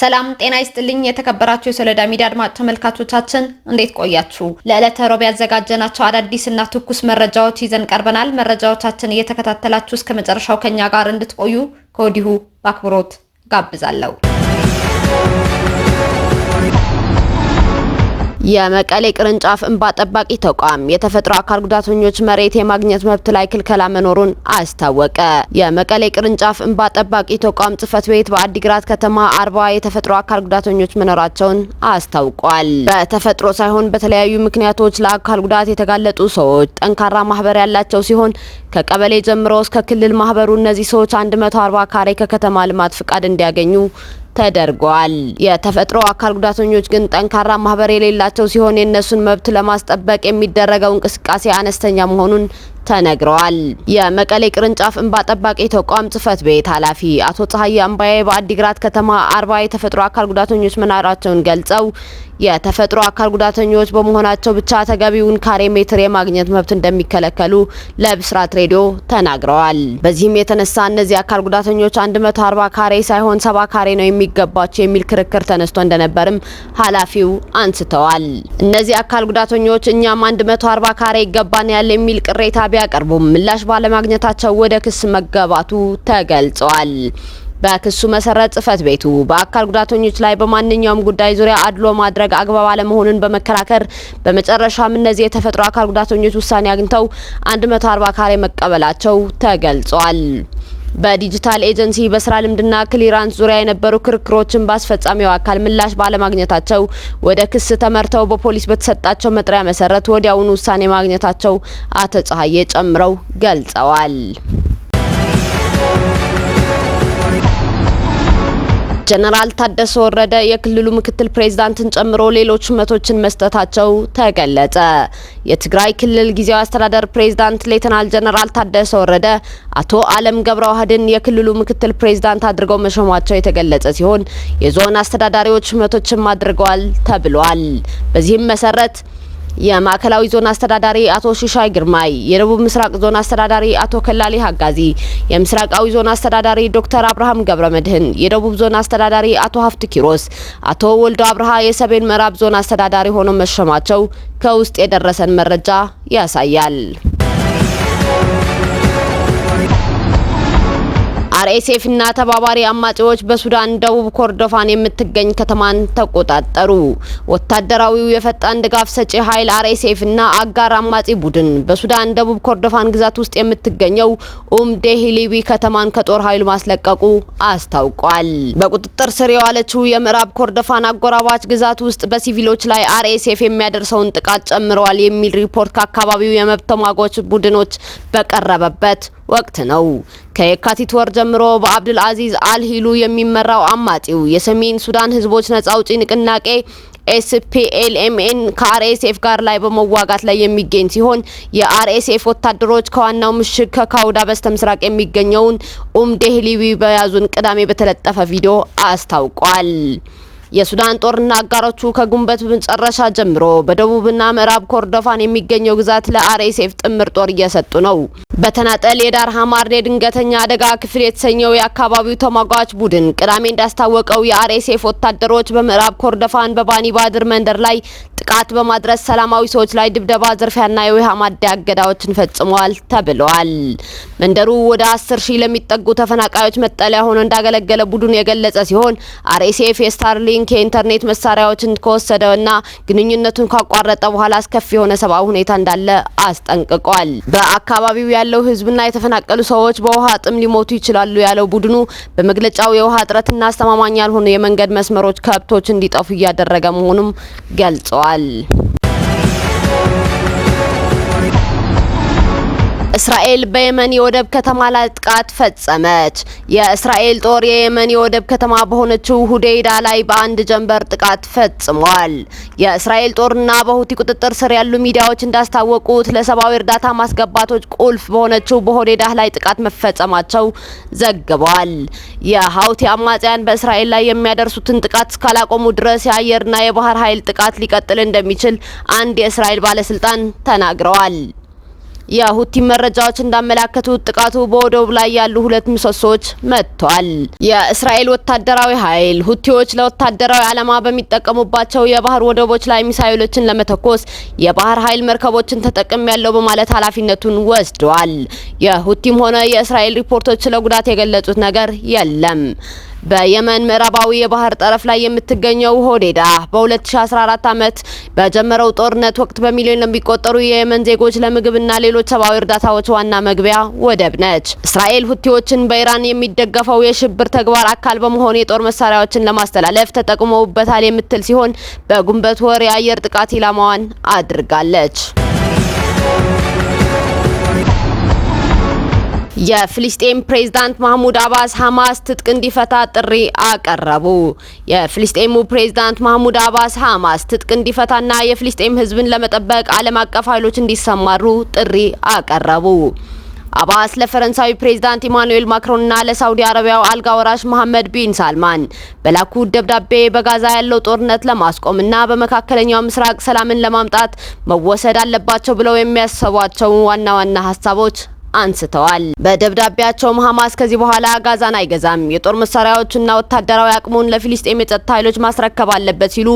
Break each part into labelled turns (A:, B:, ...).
A: ሰላም ጤና ይስጥልኝ። የተከበራችሁ የሶሎዳ ሚዲያ አድማጭ ተመልካቾቻችን እንዴት ቆያችሁ? ለዕለተ ሮብ ያዘጋጀናቸው እና ትኩስ መረጃዎች ይዘን ቀርበናል። መረጃዎቻችን እየተከታተላችሁ እስከ መጨረሻው ከኛ ጋር እንድትቆዩ ከወዲሁ በአክብሮት ጋብዛለሁ። የመቀሌ ቅርንጫፍ እንባ ጠባቂ ተቋም የተፈጥሮ አካል ጉዳተኞች መሬት የማግኘት መብት ላይ ክልከላ መኖሩን አስታወቀ። የመቀሌ ቅርንጫፍ እንባ ጠባቂ ተቋም ጽህፈት ቤት በአዲግራት ከተማ አርባ የተፈጥሮ አካል ጉዳተኞች መኖራቸውን አስታውቋል። በተፈጥሮ ሳይሆን በተለያዩ ምክንያቶች ለአካል ጉዳት የተጋለጡ ሰዎች ጠንካራ ማህበር ያላቸው ሲሆን ከቀበሌ ጀምሮ እስከ ክልል ማህበሩ እነዚህ ሰዎች 140 ካሬ ከከተማ ልማት ፍቃድ እንዲያገኙ ተደርጓል። የተፈጥሮ አካል ጉዳተኞች ግን ጠንካራ ማህበር የሌላቸው ሲሆን የእነሱን መብት ለማስጠበቅ የሚደረገው እንቅስቃሴ አነስተኛ መሆኑን ተነግረዋል። የመቀሌ ቅርንጫፍ እንባ ጠባቂ ተቋም ጽህፈት ቤት ኃላፊ አቶ ፀሐይ አምባዬ በአዲግራት ከተማ አርባ የተፈጥሮ አካል ጉዳተኞች መኖራቸውን ገልጸው የተፈጥሮ አካል ጉዳተኞች በመሆናቸው ብቻ ተገቢውን ካሬ ሜትር የማግኘት መብት እንደሚከለከሉ ለብስራት ሬዲዮ ተናግረዋል። በዚህም የተነሳ እነዚህ አካል ጉዳተኞች 140 ካሬ ሳይሆን ሰባ ካሬ ነው የሚ የሚገባቸው የሚል ክርክር ተነስቶ እንደነበርም ኃላፊው አንስተዋል። እነዚህ አካል ጉዳተኞች እኛም 140 ካሬ ያለ የሚል ቅሬታ ቢያቀርቡም ምላሽ ባለማግኘታቸው ወደ ክስ መገባቱ ተገልጿል። በክሱ መሰረት ጽህፈት ቤቱ በአካል ጉዳተኞች ላይ በማንኛውም ጉዳይ ዙሪያ አድሎ ማድረግ አግባብ አለመሆኑን በመከራከር በመጨረሻም እነዚህ የተፈጥሮ አካል ጉዳተኞች ውሳኔ አግኝተው 140 ካሬ መቀበላቸው ተገልጿል። በዲጂታል ኤጀንሲ በስራ ልምድና ክሊራንስ ዙሪያ የነበሩ ክርክሮችን በአስፈጻሚው አካል ምላሽ ባለማግኘታቸው ወደ ክስ ተመርተው በፖሊስ በተሰጣቸው መጥሪያ መሰረት ወዲያውኑ ውሳኔ ማግኘታቸው አቶ ጨምረው ገልጸዋል። ጀነራል ታደሰ ወረደ የክልሉ ምክትል ፕሬዝዳንትን ጨምሮ ሌሎች ሹመቶችን መስጠታቸው ተገለጸ። የትግራይ ክልል ጊዜያዊ አስተዳደር ፕሬዝዳንት ሌተናል ጀነራል ታደሰ ወረደ አቶ አለም ገብረዋህድን የክልሉ ምክትል ፕሬዝዳንት አድርገው መሾማቸው የተገለጸ ሲሆን የዞን አስተዳዳሪዎች ሹመቶችም አድርገዋል ተብሏል። በዚህም መሰረት የማዕከላዊ ዞን አስተዳዳሪ አቶ ሽሻይ ግርማይ፣ የደቡብ ምስራቅ ዞን አስተዳዳሪ አቶ ከላሌ ሀጋዚ፣ የምስራቃዊ ዞን አስተዳዳሪ ዶክተር አብርሃም ገብረ መድህን፣ የደቡብ ዞን አስተዳዳሪ አቶ ሀፍት ኪሮስ፣ አቶ ወልዶ አብርሃ የሰሜን ምዕራብ ዞን አስተዳዳሪ ሆነው መሸማቸው ከውስጥ የደረሰን መረጃ ያሳያል። አርኤስኤፍ እና ተባባሪ አማጺዎች በሱዳን ደቡብ ኮርዶፋን የምትገኝ ከተማን ተቆጣጠሩ። ወታደራዊው የፈጣን ድጋፍ ሰጪ ኃይል አርኤስኤፍ እና አጋር አማጺ ቡድን በሱዳን ደቡብ ኮርዶፋን ግዛት ውስጥ የምትገኘው ኡም ዴሂሊቢ ከተማን ከጦር ኃይሉ ማስለቀቁ አስታውቋል። በቁጥጥር ስር የዋለችው የምዕራብ ኮርዶፋን አጎራባች ግዛት ውስጥ በሲቪሎች ላይ አርኤስኤፍ የሚያደርሰውን ጥቃት ጨምረዋል የሚል ሪፖርት ከአካባቢው የመብት ተሟጋች ቡድኖች በቀረበበት ወቅት ነው። ከየካቲት ወር ጀምሮ በአብድል አዚዝ አልሂሉ የሚመራው አማጺው የሰሜን ሱዳን ህዝቦች ነጻ አውጪ ንቅናቄ ኤስፒኤልኤምኤን ከአርኤስኤፍ ጋር ላይ በመዋጋት ላይ የሚገኝ ሲሆን የአርኤስኤፍ ወታደሮች ከዋናው ምሽግ ከካውዳ በስተ ምስራቅ የሚገኘውን ኡምዴህሊዊ በያዙን ቅዳሜ በተለጠፈ ቪዲዮ አስታውቋል። የሱዳን ጦርና አጋሮቹ ከግንቦት መጨረሻ ጀምሮ በደቡብና ምዕራብ ኮርዶፋን የሚገኘው ግዛት ለአርኤስኤፍ ጥምር ጦር እየሰጡ ነው። በተናጠል የዳር ሀማር የድንገተኛ አደጋ ክፍል የተሰኘው የአካባቢው ተሟጋች ቡድን ቅዳሜ እንዳስታወቀው የአርኤስኤፍ ወታደሮች በምዕራብ ኮርዶፋን በባኒ ባድር መንደር ላይ ጥቃት በማድረስ ሰላማዊ ሰዎች ላይ ድብደባ፣ ዝርፊያና የውሃ ማደያ እገዳዎችን ፈጽመዋል ተብለዋል። መንደሩ ወደ አስር ሺህ ለሚጠጉ ተፈናቃዮች መጠለያ ሆኖ እንዳገለገለ ቡድን የገለጸ ሲሆን አርኤስኤፍ የስታርሊንክ የኢንተርኔት መሳሪያዎችን ከወሰደና ግንኙነቱን ካቋረጠ በኋላ አስከፊ የሆነ ሰብአዊ ሁኔታ እንዳለ አስጠንቅቋል። በአካባቢው ያለው ህዝብና የተፈናቀሉ ሰዎች በውሃ ጥም ሊሞቱ ይችላሉ ያለው ቡድኑ በመግለጫው የውሃ እጥረትና አስተማማኝ ያልሆኑ የመንገድ መስመሮች ከብቶች እንዲጠፉ እያደረገ መሆኑም ገልጸዋል። الأقل እስራኤል በየመን የወደብ ከተማ ላይ ጥቃት ፈጸመች። የእስራኤል ጦር የየመን የወደብ ከተማ በሆነችው ሁዴይዳ ላይ በአንድ ጀንበር ጥቃት ፈጽሟል። የእስራኤል ጦርና በሁቲ ቁጥጥር ስር ያሉ ሚዲያዎች እንዳስታወቁት ለሰብአዊ እርዳታ ማስገባቶች ቁልፍ በሆነችው በሆዴዳ ላይ ጥቃት መፈጸማቸው ዘግቧል። የሀውቲ አማጽያን በእስራኤል ላይ የሚያደርሱትን ጥቃት እስካላቆሙ ድረስ የአየርና የባህር ኃይል ጥቃት ሊቀጥል እንደሚችል አንድ የእስራኤል ባለስልጣን ተናግረዋል። የሁቲ መረጃዎች እንዳመላከቱት ጥቃቱ በወደቡ ላይ ያሉ ሁለት ምሰሶዎች መጥቷል። የእስራኤል ወታደራዊ ኃይል ሁቲዎች ለወታደራዊ ዓላማ በሚጠቀሙባቸው የባህር ወደቦች ላይ ሚሳኤሎችን ለመተኮስ የባህር ኃይል መርከቦችን ተጠቅም ያለው በማለት ኃላፊነቱን ወስደዋል። የሁቲም ሆነ የእስራኤል ሪፖርቶች ስለ ጉዳት የገለጹት ነገር የለም። በየመን ምዕራባዊ የባህር ጠረፍ ላይ የምትገኘው ሆዴዳ በ2014 ዓመት በጀመረው ጦርነት ወቅት በሚሊዮን ለሚቆጠሩ የየመን ዜጎች ለምግብና ሌሎች ሰብአዊ እርዳታዎች ዋና መግቢያ ወደብ ነች። እስራኤል ሁቲዎችን በኢራን የሚደገፈው የሽብር ተግባር አካል በመሆን የጦር መሳሪያዎችን ለማስተላለፍ ተጠቅመውበታል የምትል ሲሆን በጉንበት ወር የአየር ጥቃት ኢላማዋን አድርጋለች። የፍልስጤም ፕሬዝዳንት ማህሙድ አባስ ሐማስ ትጥቅ እንዲፈታ ጥሪ አቀረቡ። የፍልስጤሙ ፕሬዝዳንት ማህሙድ አባስ ሐማስ ትጥቅ እንዲፈታና የፍልስጤም ህዝብን ለመጠበቅ ዓለም አቀፍ ኃይሎች እንዲሰማሩ ጥሪ አቀረቡ። አባስ ለፈረንሳዊ ፕሬዝዳንት ኢማኑኤል ማክሮንና ለሳውዲ አረቢያው አልጋ ወራሽ መሐመድ ቢን ሳልማን በላኩት ደብዳቤ በጋዛ ያለው ጦርነት ለማስቆምና በመካከለኛው ምስራቅ ሰላምን ለማምጣት መወሰድ አለባቸው ብለው የሚያስባቸው ዋና ዋና ሀሳቦች አንስተዋል። በደብዳቤያቸውም ሐማስ ከዚህ በኋላ ጋዛን አይገዛም፣ የጦር መሳሪያዎችና ወታደራዊ አቅሙን ለፊሊስጤም የጸጥታ ኃይሎች ማስረከብ አለበት ሲሉ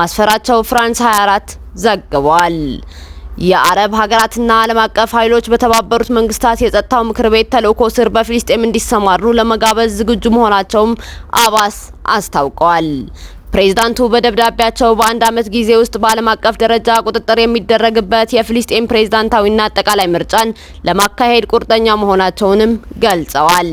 A: ማስፈራቸው ፍራንስ 24 ዘግቧል። የአረብ ሀገራትና ዓለም አቀፍ ኃይሎች በተባበሩት መንግስታት የጸጥታው ምክር ቤት ተልእኮ ስር በፊሊስጤም እንዲሰማሩ ለመጋበዝ ዝግጁ መሆናቸውም አባስ አስታውቀዋል። ፕሬዚዳንቱ በደብዳቤያቸው በአንድ ዓመት ጊዜ ውስጥ በዓለም አቀፍ ደረጃ ቁጥጥር የሚደረግበት የፍልስጤም ፕሬዚዳንታዊና አጠቃላይ ምርጫን ለማካሄድ ቁርጠኛ መሆናቸውንም ገልጸዋል።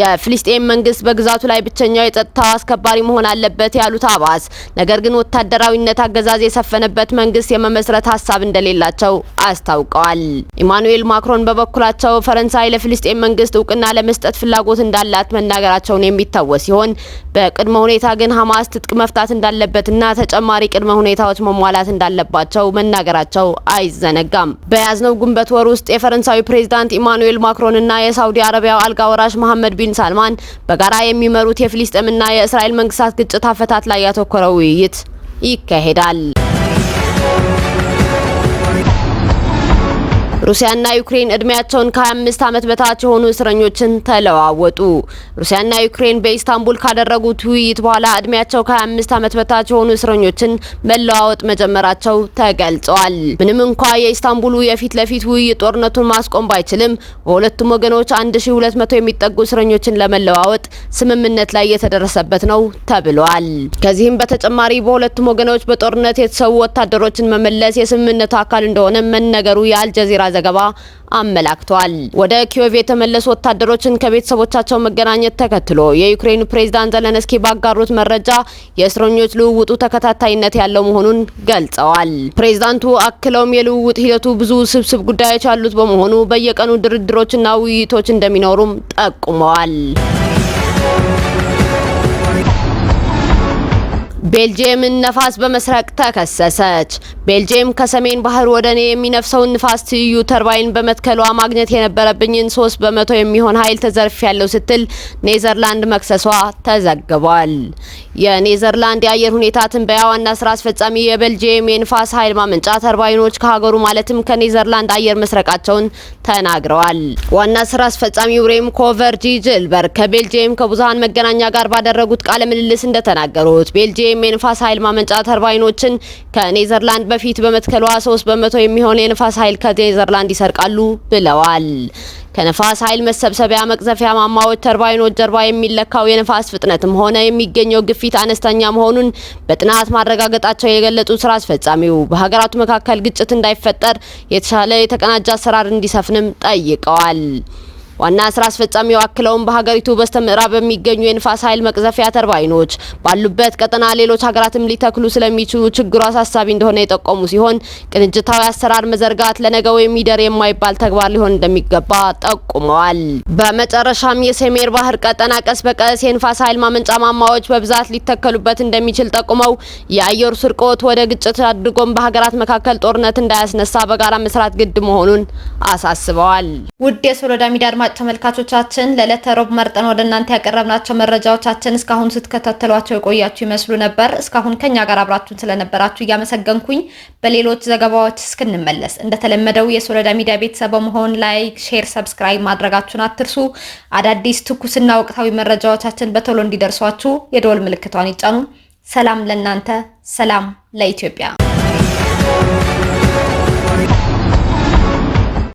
A: የፍልስጤም መንግስት በግዛቱ ላይ ብቸኛው የጸጥታ አስከባሪ መሆን አለበት ያሉት አባስ፣ ነገር ግን ወታደራዊነት አገዛዝ የሰፈነበት መንግስት የመመስረት ሀሳብ እንደሌላቸው አስታውቀዋል። ኢማኑኤል ማክሮን በበኩላቸው ፈረንሳይ ለፍልስጤም መንግስት እውቅና ለመስጠት ፍላጎት እንዳላት መናገራቸውን የሚታወስ ሲሆን በቅድመ ሁኔታ ግን ሀማስ ትጥቅ መፍታት እንዳለበትና ተጨማሪ ቅድመ ሁኔታዎች መሟላት እንዳለባቸው መናገራቸው አይዘነጋም። በያዝነው ግንቦት ወር ውስጥ የፈረንሳዩ ፕሬዚዳንት ኢማኑኤል ማክሮንና የሳውዲ አረቢያው አልጋ ወራሽ መሐመድ ቢን ሳልማን በጋራ የሚመሩት የፍልስጤምና የእስራኤል መንግስታት ግጭት አፈታት ላይ ያተኮረው ውይይት ይካሄዳል። ሩሲያና ዩክሬን እድሜያቸውን ከ25 ዓመት በታች የሆኑ እስረኞችን ተለዋወጡ። ሩሲያና ዩክሬን በኢስታንቡል ካደረጉት ውይይት በኋላ እድሜያቸው ከ25 ዓመት በታች የሆኑ እስረኞችን መለዋወጥ መጀመራቸው ተገልጿል። ምንም እንኳ የኢስታንቡሉ የፊት ለፊት ውይይት ጦርነቱን ማስቆም ባይችልም በሁለቱም ወገኖች 1200 የሚጠጉ እስረኞችን ለመለዋወጥ ስምምነት ላይ የተደረሰበት ነው ተብሏል። ከዚህም በተጨማሪ በሁለቱም ወገኖች በጦርነት የተሰዉ ወታደሮችን መመለስ የስምምነቱ አካል እንደሆነ መነገሩ የአልጀዚራ ዘገባ አመላክቷል። ወደ ኪዮቭ የተመለሱ ወታደሮችን ከቤተሰቦቻቸው መገናኘት ተከትሎ የዩክሬኑ ፕሬዝዳንት ዘለንስኪ ባጋሩት መረጃ የእስረኞች ልውውጡ ተከታታይነት ያለው መሆኑን ገልጸዋል። ፕሬዝዳንቱ አክለውም የልውውጥ ሂደቱ ብዙ ስብስብ ጉዳዮች ያሉት በመሆኑ በየቀኑ ድርድሮችና ውይይቶች እንደሚኖሩም ጠቁመዋል። ቤልጅየምን ነፋስ በመስረቅ ተከሰሰች። ቤልጅየም ከሰሜን ባህር ወደ እኔ የሚነፍሰውን ንፋስ ትይዩ ተርባይን በመትከሏ ማግኘት የነበረብኝን ሶስት በመቶ የሚሆን ኃይል ተዘርፍ ያለው ስትል ኔዘርላንድ መክሰሷ ተዘግቧል። የኔዘርላንድ የአየር ሁኔታ ትንበያ ዋና ስራ አስፈጻሚ የቤልጅየም የንፋስ ኃይል ማመንጫ ተርባይኖች ከሀገሩ ማለትም ከኔዘርላንድ አየር መስረቃቸውን ተናግረዋል። ዋና ስራ አስፈጻሚው ሬም ኮቨርጂ ጅልበር ከቤልጅየም ከብዙሀን መገናኛ ጋር ባደረጉት ቃለ ምልልስ እንደተናገሩት ቤልጅየም የአቶም የንፋስ ኃይል ማመንጫ ተርባይኖችን ከኔዘርላንድ በፊት በመትከሏ ሶስት በመቶ የሚሆን የንፋስ ኃይል ከኔዘርላንድ ይሰርቃሉ ብለዋል። ከነፋስ ኃይል መሰብሰቢያ መቅዘፊያ ማማዎች ተርባይኖች ጀርባ የሚለካው የነፋስ ፍጥነትም ሆነ የሚገኘው ግፊት አነስተኛ መሆኑን በጥናት ማረጋገጣቸው የገለጹት ስራ አስፈጻሚው በሀገራቱ መካከል ግጭት እንዳይፈጠር የተሻለ የተቀናጀ አሰራር እንዲሰፍንም ጠይቀዋል። ዋና ስራ አስፈጻሚው አክለውም በሀገሪቱ በስተ ምዕራብ በሚገኙ የንፋስ ኃይል መቅዘፊያ ተርባይኖች ባሉበት ቀጠና ሌሎች ሀገራትም ሊተክሉ ስለሚችሉ ችግሩ አሳሳቢ እንደሆነ የጠቆሙ ሲሆን ቅንጅታዊ አሰራር መዘርጋት ለነገው የሚደር የማይባል ተግባር ሊሆን እንደሚገባ ጠቁመዋል። በመጨረሻም የሰሜን ባህር ቀጠና ቀስ በቀስ የንፋስ ኃይል ማመንጫ ማማዎች በብዛት ሊተከሉበት እንደሚችል ጠቁመው የአየር ስርቆት ወደ ግጭት አድርጎም በሀገራት መካከል ጦርነት እንዳያስነሳ በጋራ መስራት ግድ መሆኑን አሳስበዋል። ውድ የሶሎዳ ሚዲያ አድማጭ ተመልካቾቻችን ለዕለተ ሮብ መርጠን ወደ እናንተ ያቀረብናቸው መረጃዎቻችን እስካሁን ስትከታተሏቸው የቆያችሁ ይመስሉ ነበር። እስካሁን ከኛ ጋር አብራችሁን ስለነበራችሁ እያመሰገንኩኝ በሌሎች ዘገባዎች እስክንመለስ እንደተለመደው የሶሎዳ ሚዲያ ቤተሰብ በመሆን ላይክ፣ ሼር፣ ሰብስክራይብ ማድረጋችሁን አትርሱ። አዳዲስ ትኩስና ወቅታዊ መረጃዎቻችን በቶሎ እንዲደርሷችሁ የደወል ምልክቷን ይጫኑ። ሰላም ለእናንተ፣ ሰላም ለኢትዮጵያ።